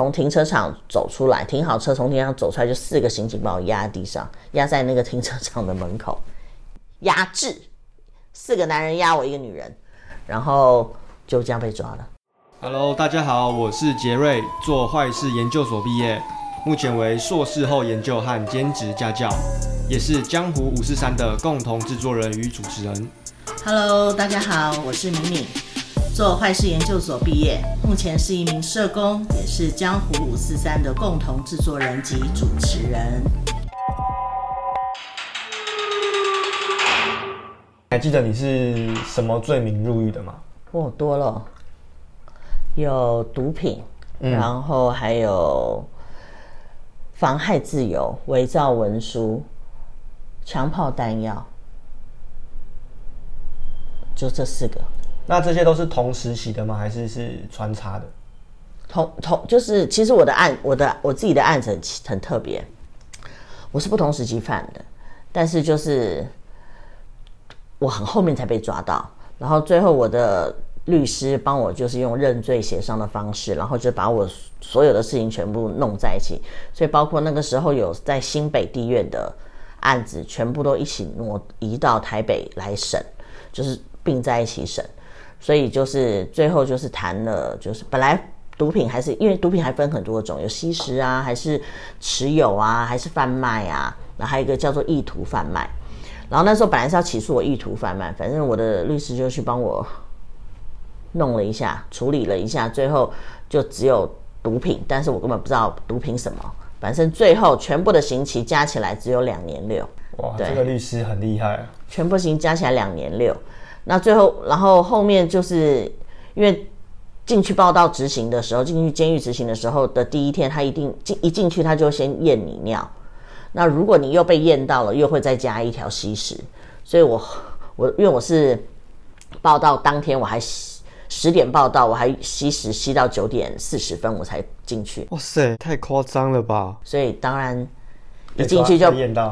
從停車場走出來，停好車，從停車場走出來就四個刑警把我壓在地上，壓在那個停車場的門口，壓制四個男人壓我一個女人，然後就這樣被抓了。Hello，大家好，我是傑瑞，做壞事研究所畢業，目前為碩士後研究和兼職家教，也是《江湖543》的共同製作人與主持人。Hello，大家好，我是鳴敏。做壞事研究所畢業，目前是一名社工，也是《江湖五四三》的共同制作人及主持人。還、哎、記得你是什麼罪名入獄的嗎？我、哦、多了，有毒品，嗯、然後還有妨害自由、偽造文書、槍砲彈藥，就這四個。那這些都是同時期的嗎？還是是穿插的？同同就是，其實我的案，我的我自己的案子很很特別，我是不同時期犯的，但是就是我很後面才被抓到，然後最後我的律師幫我就是用認罪協商的方式，然後就把我所有的事情全部弄在一起，所以包括那個時候有在新北地院的案子，全部都一起挪移到台北來審，就是併在一起審。所以就是最後就是談了，就是本來毒品還是因為毒品還分很多種，有吸食啊，還是持有啊，還是販賣啊，然後還有一個叫做意圖販賣。然後那時候本來是要起訴我意圖販賣，反正我的律師就去幫我弄了一下，處理了一下，最後就只有毒品，但是我根本不知道毒品什麼。反正最後全部的刑期加起來只有兩年六。哇，這個律師很厲害，全部刑加起來兩年六。那最後，然後後面就是，因為進去報到執行的時候，進去監獄執行的時候的第一天，他一定進一進去，他就先驗你尿。那如果你又被驗到了，又會再加一條吸食。所以我我因為我是報到當天，我還十點報到，我還吸食吸到九點四十分，我才進去。哇塞，太誇張了吧！所以當然。一進去就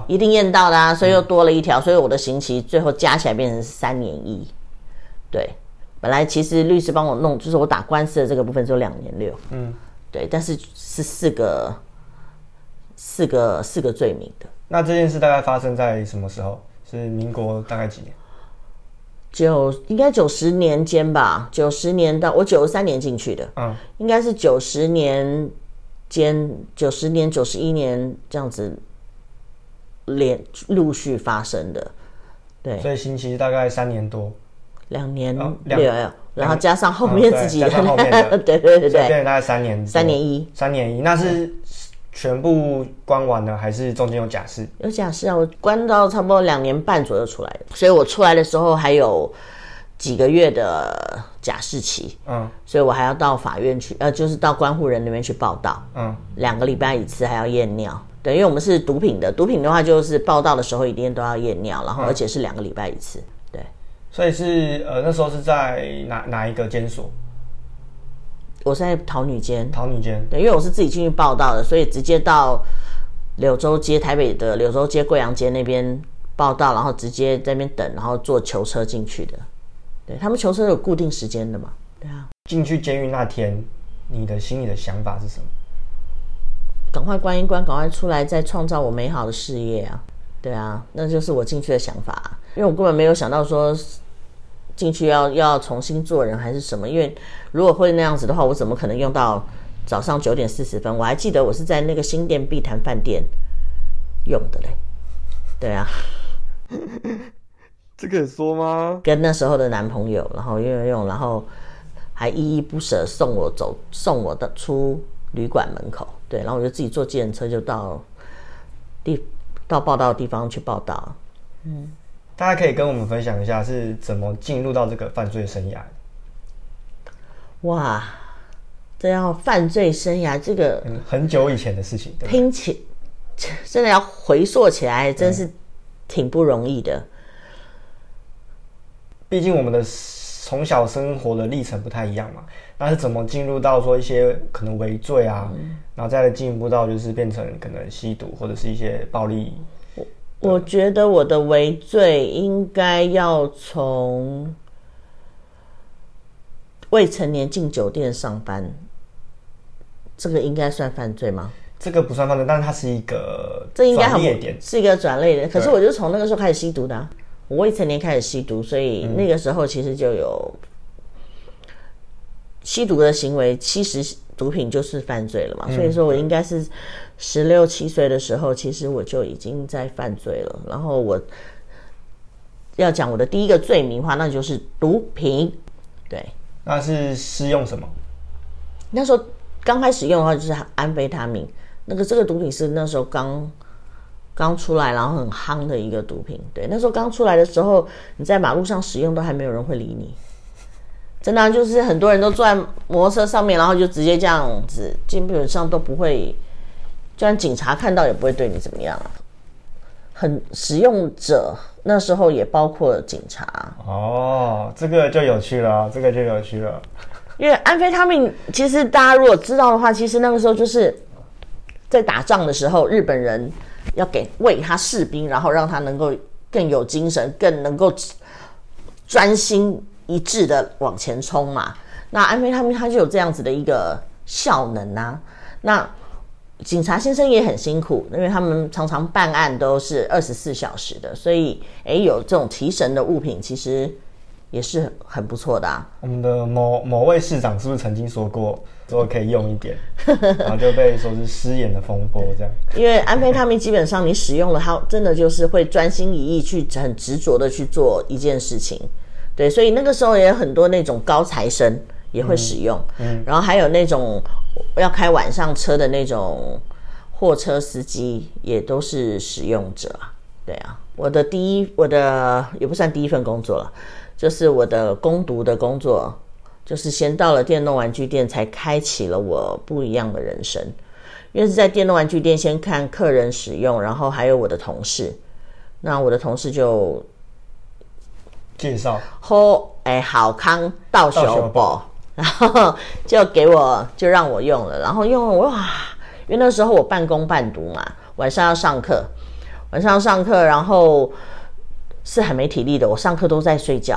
一定驗到啦、啊，所以又多了一條、嗯，所以我的刑期最後加起來變成三年一。對，本來其實律師幫我弄，就是我打官司的這個部分只有兩年六。嗯，對，但是是四個、四個、四個罪名的。那這件事大概發生在什麼時候？是民國大概幾年？九應該九十年間吧，九十年到我九三年進去的。嗯，應該是九十年間，九十年、九十一年這樣子。連陸續發生的，對，所以刑期大概三年多，兩年六，兩、嗯、然後加上後面自己的，嗯、對，的 對對對對，大概三年，三年一，三年一，那是全部關完呢、嗯，還是中間有假釋？有假釋啊，我關到差不多兩年半左右出來，所以我出來的時候還有幾個月的假釋期，嗯，所以我還要到法院去，呃，就是到觀護人那邊去報到，嗯，兩個禮拜一次還要驗尿。因為我們是毒品的，毒品的話就是報到的時候一定都要驗尿，然後而且是兩個禮拜一次。對，所以是呃那時候是在哪哪一個監所？我是在桃女監。桃女監。對，因為我是自己進去報到的，所以直接到柳州街、台北的柳州街、貴陽街那邊報到，然後直接在那邊等，然後坐囚車進去的。對，他們囚車有固定時間的嘛？對啊。進去監獄那天，你的心裡的想法是什麼？趕快關一關，趕快出來，再創造我美好的事業啊！對啊，那就是我進去的想法，因為我根本沒有想到說進去要要重新做人還是什麼。因為如果會那樣子的話，我怎麼可能用到早上九點四十分？我還記得我是在那個新店碧潭飯店用的嘞。對啊， 這個也說嗎？跟那時候的男朋友，然後因為用用，然後還依依不捨送我走，送我的出。旅館門口，對，然後我就自己坐計程車就到地到報到的地方去報到。嗯，大家可以跟我們分享一下是怎麼進入到這個犯罪生涯？哇，這要犯罪生涯這個、嗯、很久以前的事情，拼起，真的要回溯起來，真是挺不容易的。畢、嗯、竟我們的從小生活的歷程不太一樣嘛。那是怎麼進入到說一些可能違罪啊，然後再進一步到就是變成可能吸毒或者是一些暴力。我我覺得我的違罪應該要從未成年進酒店上班，這個應該算犯罪嗎？這個不算犯罪，但是它是一個轉，這應該行業點是一個轉捩點。可是我就從那個時候開始吸毒的、啊，我未成年開始吸毒，所以那個時候其實就有、嗯。吸毒的行為，其實毒品就是犯罪了嘛？嗯。所以說我應該是十六七歲的時候，其實我就已經在犯罪了。然後我要講我的第一個罪名的話，那就是毒品。對，那是使用什麼？那時候剛開始用的話，就是安非他命。那個這個毒品是那時候剛剛出來，然後很夯的一個毒品。對，那時候剛出來的時候，你在馬路上使用，都還沒有人會理你。真的啊，就是很多人都坐在摩托車上面，然後就直接這樣子，基本上都不會，就算警察看到也不會對你怎麼樣，很使用者，那時候也包括警察。哦，這個就有趣了，這個就有趣了。因為安非他命，其實大家如果知道的話，其實那個時候就是在打仗的時候，日本人要給餵他士兵，然後讓他能夠更有精神，更能夠專心。一致的往前衝嘛，那安非他命它就有這樣子的一個效能吶、啊。那警察先生也很辛苦，因為他們常常辦案都是二十四小時的，所以誒、欸，有這種提神的物品其實也是很，很不錯的啊。我們的某某位市長是不是曾經說過說可以用一點， 然後就被說是失言的風波這樣。 因為安非他命基本上你使用了它，真的就是會專心一意去很執着的去做一件事情。對，所以那個時候也有很多那種高材生也會使用，嗯，嗯，然後還有那種要開晚上車的那種貨車司機也都是使用者。對啊，我的第一，我的也不算第一份工作了，就是我的工讀的工作，就是先到了電動玩具店，才開啟了我不一樣的人生。因為是在電動玩具店先看客人使用，然後還有我的同事，那我的同事就。介紹後，哎、欸，好康道相報，然後就給我，就讓我用了。然後用了，哇！因為那時候我半工半讀嘛，晚上要上課，晚上要上課，然後是很沒體力的。我上課都在睡覺。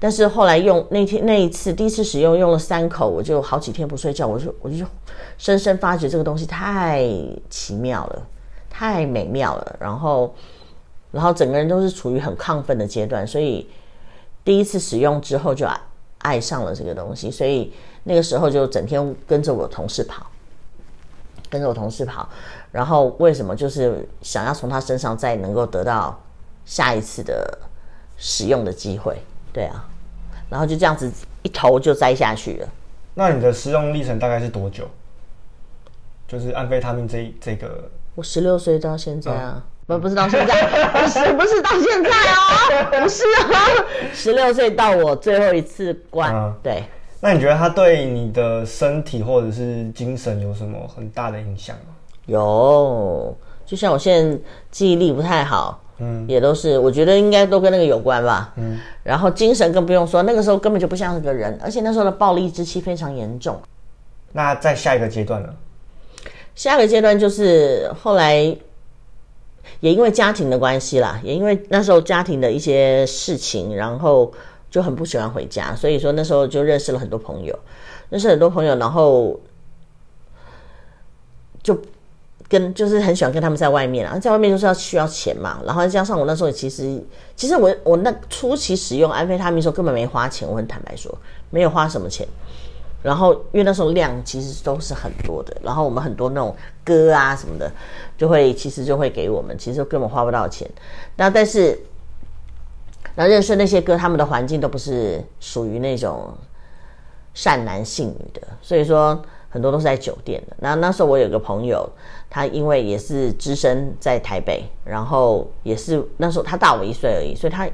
但是後來用那天那一次第一次使用，用了三口，我就好幾天不睡覺。我就我就深深發覺這個東西太奇妙了，太美妙了。然後，然後整個人都是處於很亢奮的階段，所以。第一次使用之後就愛上了這個東西，所以那個時候就整天跟着我同事跑，跟着我同事跑。然後為什麼？就是想要從他身上再能夠得到下一次的使用的機會，對啊。然後就這樣子一頭就栽下去了。那你的使用歷程大概是多久？就是按維他命安非他命這這個，我十六歲到現在啊。嗯我不是到現在，不 是不是到現在哦、啊，不是啊，十六歲到我最後一次關、嗯，對。那你覺得他對你的身體或者是精神有什麼很大的影響嗎？有，就像我現在記憶力不太好，嗯，也都是，我覺得應該都跟那個有關吧，嗯。然後精神更不用說，那個時候根本就不像個人，而且那時候的暴力之氣非常嚴重。那在下一個階段呢？下一個階段就是後來。也因為家庭的關係啦，也因為那時候家庭的一些事情，然後就很不喜歡回家，所以說那時候就認識了很多朋友，認識很多朋友，然後就跟就是很喜歡跟他們在外面啊，在外面就是要需要錢嘛，然後加上我那時候其實，其實我我那初期使用安非他命的時候根本沒花錢，我很坦白說，沒有花什麼錢。然後，因為那時候量其實都是很多的，然後我們很多那種哥啊什麼的，就會其實就會給我們，其實根本花不到錢。那但是，那認識那些哥，他們的環境都不是屬於那種善男信女的，所以說很多都是在酒店的。那那時候我有個朋友，他因為也是只身在台北，然後也是那時候他大我一歲而已，所以他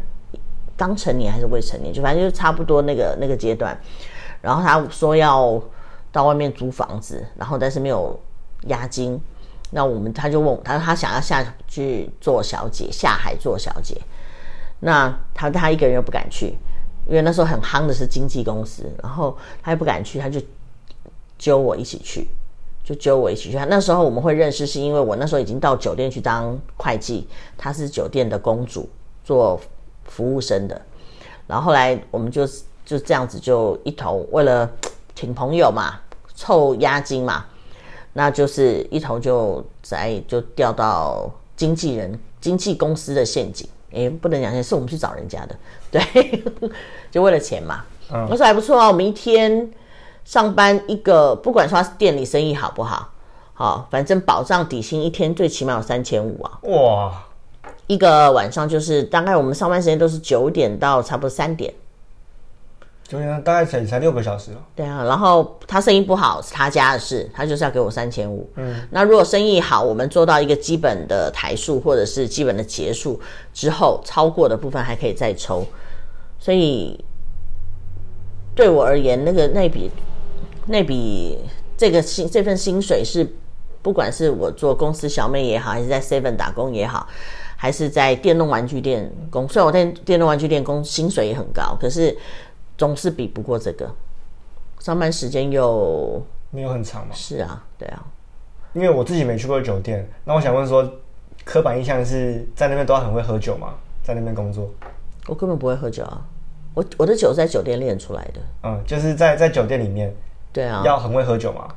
剛成年還是未成年，就反正就差不多那個那個階段。然後他說要到外面租房子，然後但是沒有押金。那我們他就問，他說他想要下去做小姐，下海做小姐。那他他一個人又不敢去，因為那時候很夯的是經紀公司，然後他又不敢去，他就揪我一起去，就揪我一起去。那時候我們會認識，是因為我那時候已經到酒店去當會計，他是酒店的公主，做服務生的。然後後來我們就。就這樣子，就一頭為了請朋友嘛，湊押金嘛，那就是一頭就在就掉到經紀人、經紀公司的陷阱。哎、欸，不能講是，是我們去找人家的，對， 就為了錢嘛。嗯，我說還不錯啊，我們一天上班一個，不管說他是店裡生意好不好，好、哦，反正保障底薪一天最起碼有三千五啊。哇，一個晚上就是大概我們上班時間都是九點到差不多三點。就大概才才六個小時了。對啊，然後他生意不好是他家的事，他就是要給我三千五。嗯，那如果生意好，我們做到一個基本的台數或者是基本的結束之後，超過的部分還可以再抽。所以對我而言，那個那筆那筆這個薪這份薪水是，不管是我做公司小妹也好，還是在 Seven 打工也好，還是在電動玩具店工，雖然我在電動玩具店工薪水也很高，可是。總是比不過這個，上班時間又沒有很長嘛。是啊，對啊。因為我自己沒去過酒店，那我想問說，刻板印象是在那邊都要很會喝酒嗎？在那邊工作？我根本不會喝酒啊，我我的酒是在酒店練出來的。嗯，就是在在酒店裡面，對啊，要很會喝酒嗎？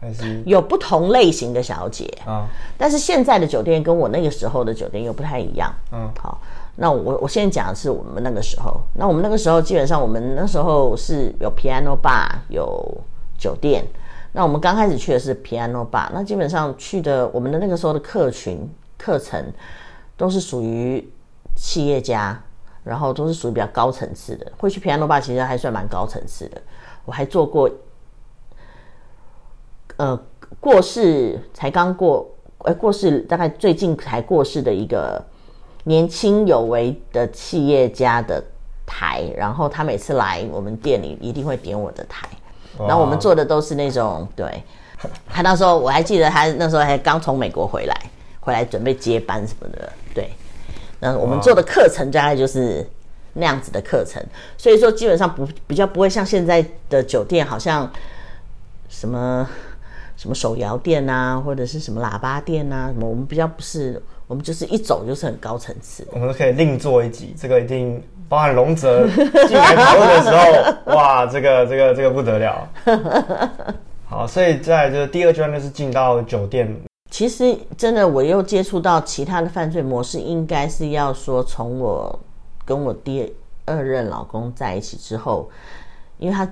還是有不同類型的小姐啊，嗯？但是現在的酒店跟我那個時候的酒店又不太一樣。嗯，好。那我我現在講的是我們那個時候。那我們那個時候基本上，我們那時候是有 Piano Bar 有酒店。那我們剛開始去的是 Piano Bar。那基本上去的我們的那個時候的客群課程，都是屬於企業家，然後都是屬於比較高層次的。會去 Piano Bar 其實還算蠻高層次的。我還做過，呃，過世才剛過，呃、哎，過世大概最近才過世的一個，年輕有為的企業家的檯，然後他每次來我們店裡一定會點我的檯，然後我們做的都是那種對，他那時候我還記得他那時候還剛從美國回來，回來準備接班什麼的，對，那我們做的課程大概就是那樣子的課程，所以說基本上不比較不會像現在的酒店，好像什麼什麼手搖店啊，或者是什麼喇叭店啊，什麼我們比較不是。我們就是一走就是很高層次，我們可以另做一集，這個一定包含龍澤進來討論的時候，哇，這個這個這個不得了。 好，所以在這第二階段就是進到酒店。其實真的，我又接觸到其他的犯罪模式，應該是要說從我跟我第二任老公在一起之後，因為他。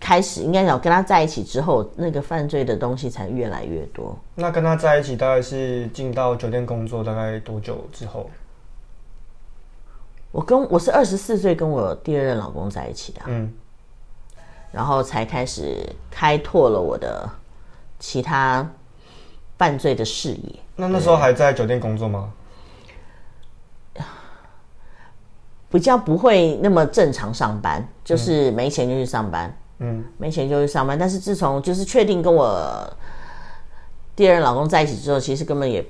開始應該要跟他在一起之後，那個犯罪的東西才越來越多。那跟他在一起大概是進到酒店工作大概多久之後？我跟我是二十四歲跟我第二任老公在一起的啊，嗯，然後才開始開拓了我的其他犯罪的事業。那那時候還在酒店工作嗎？嗯。比較不會那麼正常上班，就是沒錢就去上班。嗯嗯，沒錢就去上班。但是自從就是確定跟我第二任老公在一起之後，其實根本也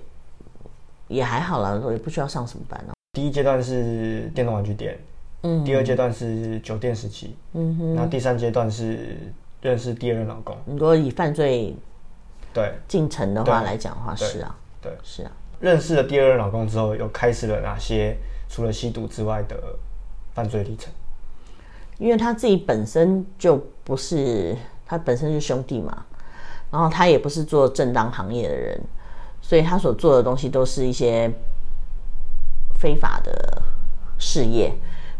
也還好了，我也不需要上什麼班了啊。第一階段是電動玩具店，嗯，第二階段是酒店時期，嗯哼，那第三階段是認識第二任老公。如果以犯罪對進程的話來講的話，是啊對，對，是啊。認識了第二任老公之後，又開始了哪些除了吸毒之外的犯罪歷程？因為他自己本身就。不是他本身是兄弟嘛，然後他也不是做正當行業的人，所以他所做的東西都是一些非法的事業，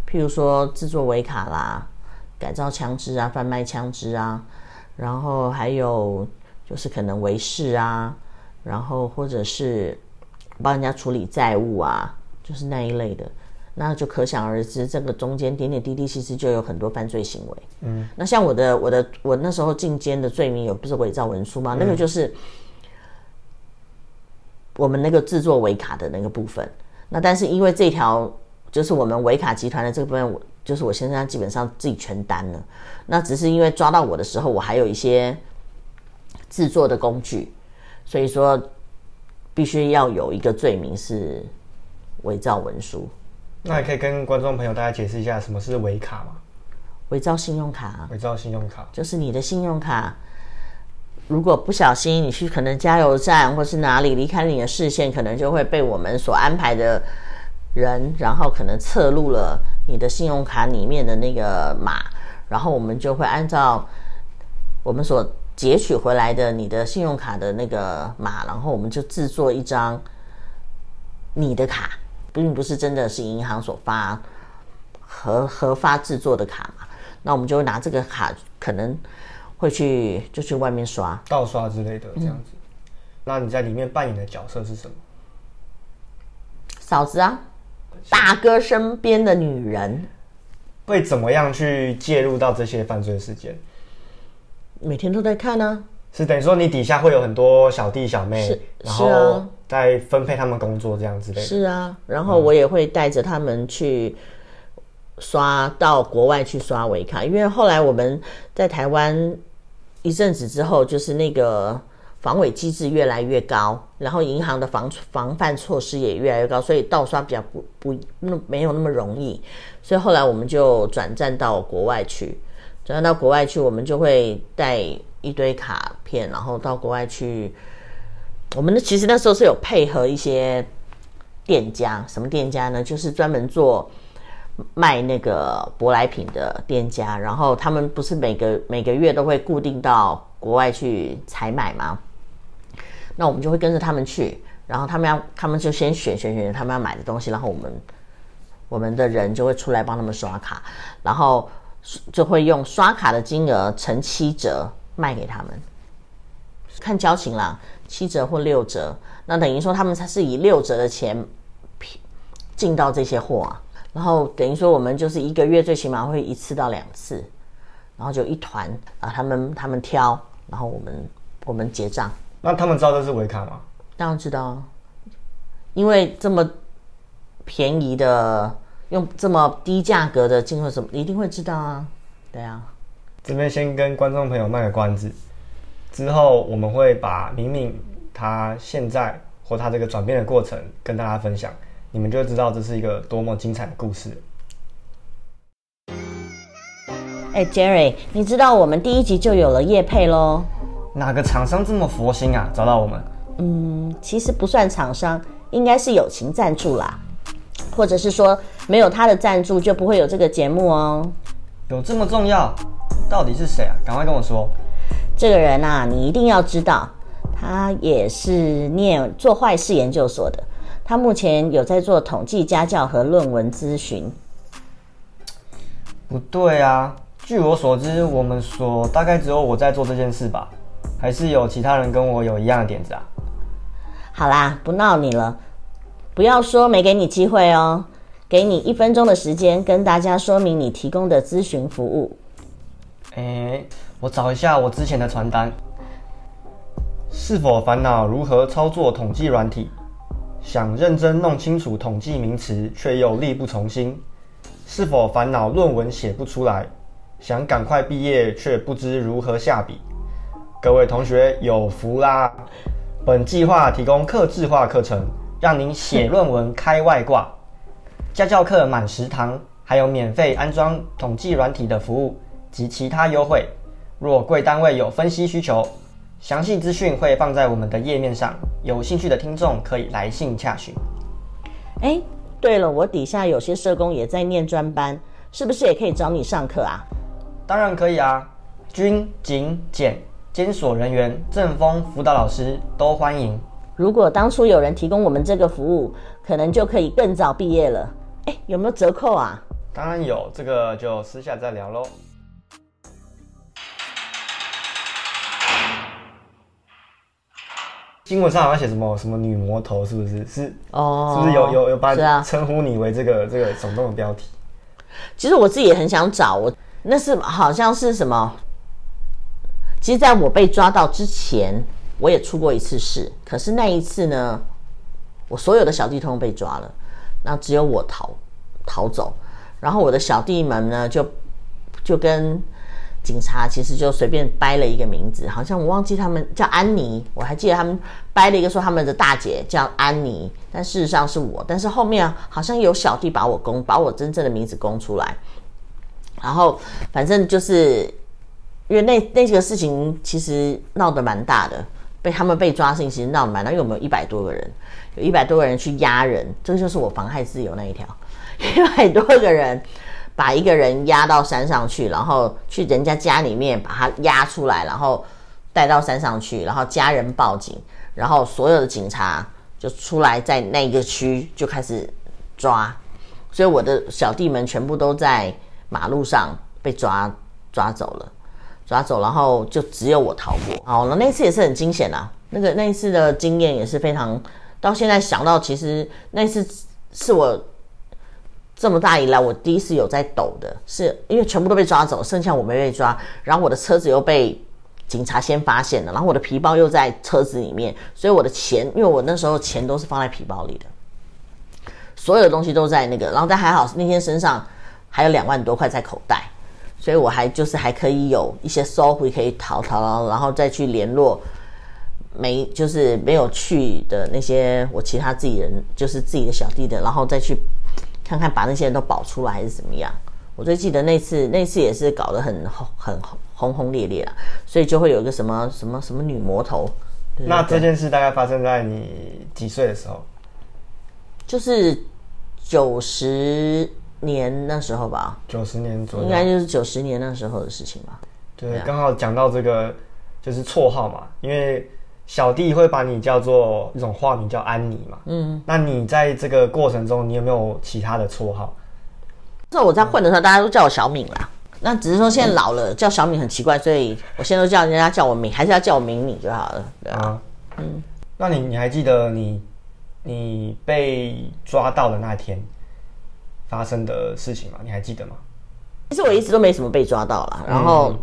譬如說製作偽卡啦、改造槍支啊、販賣槍支啊，然後還有就是可能圍事啊，然後或者是幫人家處理債務啊，就是那一類的。那就可想而知，這個中間點點滴滴其實就有很多犯罪行為。嗯，那像我的我的我那時候進監的罪名有不是偽造文書嗎？嗯。那個就是我們那個制作偽卡的那個部分。那但是因為這條就是我們偽卡集團的這個部分，我就是我現在基本上自己全擔了。那只是因為抓到我的時候，我還有一些制作的工具，所以說必須要有一個罪名是偽造文書。那也可以跟觀眾朋友大家解釋一下什麼是偽卡嘛？偽造信用卡，偽造信用卡就是你的信用卡，如果不小心你去可能加油站或是哪裡離開你的視線，可能就會被我們所安排的人，然後可能側錄了你的信用卡裡面的那個碼，然後我們就會按照我們所截取回來的你的信用卡的那個碼，然後我們就製作一張你的卡。並不是真的是銀行所發合，合法製作的卡嘛？那我們就會拿這個卡，可能會去就去外面刷盜刷之類的這樣子，嗯。那你在裡面扮演的角色是什麼？嫂子啊，大哥身邊的女人，會怎麼樣去介入到這些犯罪事件？每天都在看呢、啊。是等於說，你底下會有很多小弟小妹，然後再分配他們工作這樣子的。是啊，然後我也會帶着他們去刷、嗯、到國外去刷偽卡，因為後來我們在台灣一陣子之後，就是那個防偽機制越來越高，然後銀行的防防範措施也越來越高，所以盜刷比較不不那沒有那麼容易，所以後來我們就轉戰到國外去，轉戰到國外去，我們就會帶。一堆卡片，然後到國外去。我們那其實那時候是有配合一些店家，什麼店家呢？就是專門做賣那個舶來品的店家。然後他們不是每個每個月都會固定到國外去採買嗎？那我們就會跟着他們去，然後他們要他們就先選選選，選他們要買的東西，然後我們我們的人就會出來幫他們刷卡，然後就會用刷卡的金額乘七折。賣給他們，看交情啦，七折或六折，那等於說他們才是以六折的錢進到這些貨啊，然後等於說我們就是一個月最起碼會一次到兩次，然後就一團啊，他們他們挑，然後我們我們結賬。那他們知道這是偽卡嗎？當然知道啊，因為這麼便宜的，用這麼低價格的進貨，什麼一定會知道啊？對啊。這邊先跟觀眾朋友賣個關子，之後，我們會把敏敏他現在或他這個轉變的過程跟大家分享，你們就知道這是一個多麼精彩的故事。哎、欸、Jerry，你知道我們第一集就有了業配咯？哪個廠商這麼佛心啊？找到我們？嗯，其實不算廠商，應該是友情贊助啦，或者是說，沒有他的贊助就不會有這個節目哦。有這麼重要？到底是誰啊？趕快跟我說！這個人啊，你一定要知道，他也是念做壞事研究所的。他目前有在做統計家教和論文諮詢。不對啊！據我所知，我們所大概只有我在做這件事吧？還是有其他人跟我有一樣的點子啊？好啦，不鬧你了，不要說沒給你機會哦。給你一分鐘的時間，跟大家說明你提供的諮詢服務。哎，我找一下我之前的傳單。是否煩惱如何操作統計軟體？想認真弄清楚統計名詞，卻又力不從心？是否煩惱論文寫不出來？想趕快畢業卻不知如何下筆？各位同學有福啦！本計劃提供客製化課程，讓您寫論文開外掛，家 教課滿十堂，還有免費安裝統計軟體的服務。及其他優惠。若貴單位有分析需求，詳細資訊會放在我們的頁面上，有興趣的聽眾可以來信洽詢。哎、欸，對了，我底下有些社工也在念專班，是不是也可以找你上課啊？當然可以啊，軍警檢監所人員、政風輔導老師都歡迎。如果當初有人提供我們這個服務，可能就可以更早畢業了。哎、欸，有沒有折扣啊？當然有，這個就私下再聊嘍。新聞上好像寫什麼什麼女魔頭，是不是？是哦，是不是有有有把你稱呼你為這個、啊、這個聳動的標題？其實我自己也很想找我，那是好像是什麼？其實在我被抓到之前，我也出過一次事，可是那一次呢，我所有的小弟通通被抓了，那只有我逃逃走，然後我的小弟們呢，就就跟警察其實就隨便掰了一個名字，好像我忘記他們叫安妮，我還記得他們掰了一個說他們的大姐叫安妮，但事實上是我，但是後面好像有小弟把我供，把我真正的名字供出來，然後反正就是因為那那幾個事情其實鬧得蠻大的，被他們被抓的事情其實鬧得蠻大，因為我們有一百多個人，有一百多個人去壓人，這個就是我妨害自由那一條，一百多個人。把一個人押到山上去，然後去人家家裡面把他押出來，然後帶到山上去，然後家人報警，然後所有的警察就出來在那個區就開始抓，所以我的小弟們全部都在馬路上被抓抓走了，抓走，然後就只有我逃過。好了，那次也是很驚險啊，那個那次的經驗也是非常，到現在想到其實那次是我。這麼大以來，我第一次有在抖的是，是因為全部都被抓走，剩下我沒被抓。然後我的車子又被警察先發現了，然後我的皮包又在車子裡面，所以我的錢，因為我那時候錢都是放在皮包裡的，所有的東西都在那個。然後但還好那天身上還有兩萬多塊在口袋，所以我還就是還可以有一些收回，可以逃逃，然後再去聯絡沒就是沒有去的那些我其他自己人，就是自己的小弟的，然後再去。看看把那些人都保出來還是怎麼樣？我最記得那次，那次也是搞得很很轟轟烈烈啊，所以就會有一個什麼什麼什麼女魔頭。那這件事大概發生在你幾歲的時候？就是九十年那時候吧，九十年左右，應該就是九十年那時候的事情吧。對、就是，剛好講到這個就是綽號嘛，因為。小弟會把你叫做一種化名叫安妮嘛？嗯，那你在這個過程中，你有沒有其他的綽號？那我在混的時候，大家都叫我小敏啦、嗯。那只是說現在老了，嗯、叫小敏很奇怪，所以我現在都叫人家叫我敏，還是要叫我敏敏就好了，對啊。啊，嗯。那你你還記得你你被抓到的那天發生的事情嗎？你還記得嗎？其實我一直都沒什麼被抓到了，然後、嗯、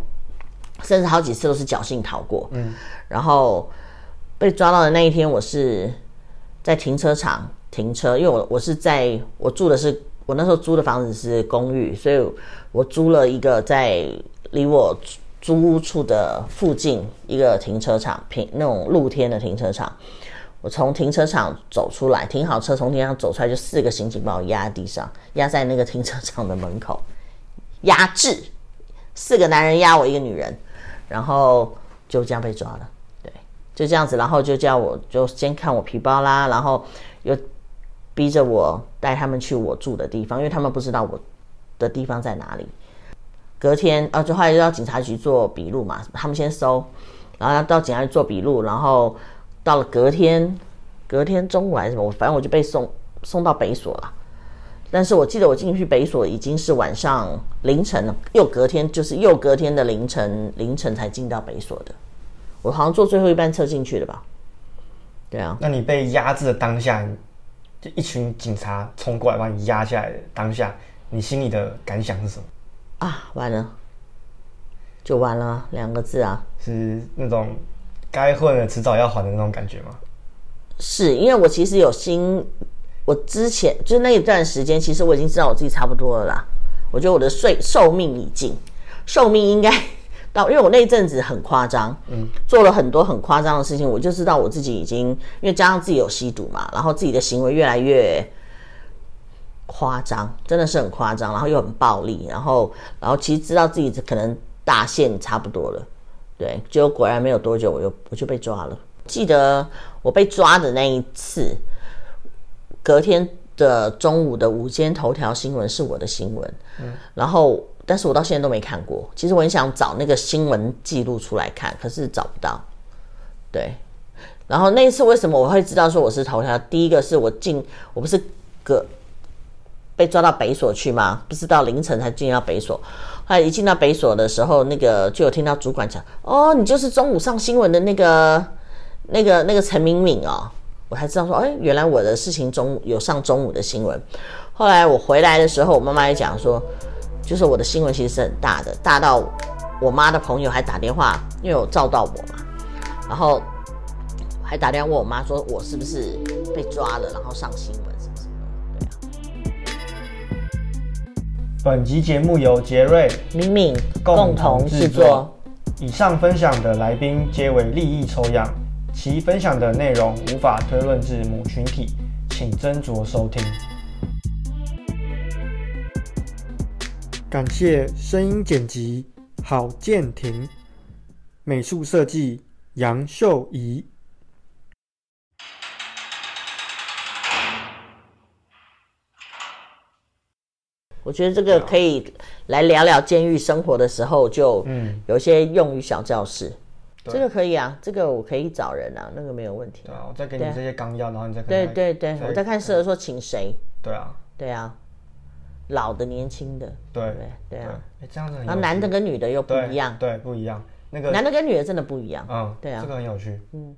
甚至好幾次都是僥幸逃過。嗯，然後。被抓到的那一天，我是在停車場停車，因為我我是在我住的是我那時候租的房子是公寓，所以我租了一個在離我租屋處的附近一個停車場，平那種露天的停車場，我從停車場走出來，停好車，從停車場走出來，就四個刑警把我壓在地上，壓在那個停車場的門口，壓制，四個男人壓我一個女人，然後就這樣被抓了。就這樣子，然後就叫我就先看我皮包啦，然後又逼着我帶他們去我住的地方，因為他們不知道我的地方在哪裡。隔天啊，就後來又到警察局做筆錄嘛，他們先搜，然後到警察局做筆錄，然後到了隔天，隔天中午還是什麼，反正我就被送送到北所了。但是我記得我進去北所已經是晚上凌晨了，又隔天，就是又隔天的凌晨凌晨才進到北所的。我好像坐最後一班車進去的吧，對啊。那你被壓制的當下，就一群警察衝過來把你壓下來的當下，你心裡的感想是什麼？啊，完了，就完了兩個字啊。是那種該混的遲早要還的那種感覺嗎？是，因為我其實有心，我之前就是那一段時間，其實我已經知道我自己差不多了啦，我覺得我的歲壽命已盡，壽命應該。到，因為我那陣子很誇張，嗯，做了很多很誇張的事情，我就知道我自己已經，因為加上自己有吸毒嘛，然後自己的行為越來越誇張，真的是很誇張，然後又很暴力，然後，然後其實知道自己可能大限差不多了，對，結果果然沒有多久，我就我就被抓了。記得我被抓的那一次，隔天的中午的午間頭條新聞是我的新聞，嗯，然後。但是我到現在都沒看過。其實我很想找那個新聞記錄出來看，可是找不到。對。然後那一次為什麼我會知道說我是頭條？第一個是我進，我不是個被抓到北所去嗎？不是到凌晨才進到北所。後來一進到北所的時候，那個就有聽到主管講：“哦，你就是中午上新聞的那個、那個、那個陳鳴敏哦。”我才知道說：“哎，原來我的事情中午有上中午的新聞。”後來我回來的時候，我媽媽也講說。就是我的新聞其實是很大的，大到我媽的朋友還打電話，因為有照到我嘛，然後還打電話問我媽說，我是不是被抓了，然後上新聞是不是？對啊。本集節目由傑瑞、鳴敏共同製作。以上分享的來賓皆為立意抽樣，其分享的內容無法推論至母群體，請斟酌收聽。感謝聲音剪輯郝建廷，美術設計楊琇詒。我覺得這個可以來聊聊監獄生活的時候，就嗯，有一些用於小教室，嗯。這個可以啊，這個我可以找人啊，那個沒有問題，啊。對啊，我再給你這些綱要，然後你再對對對，在我再看適合說請誰。對啊，對啊。老的、年輕的，對對對，對啊，對，這樣子，然後男的跟女的又不一樣，對，對，不一樣，那個男的跟女的真的不一樣，嗯，對啊，這個很有趣。嗯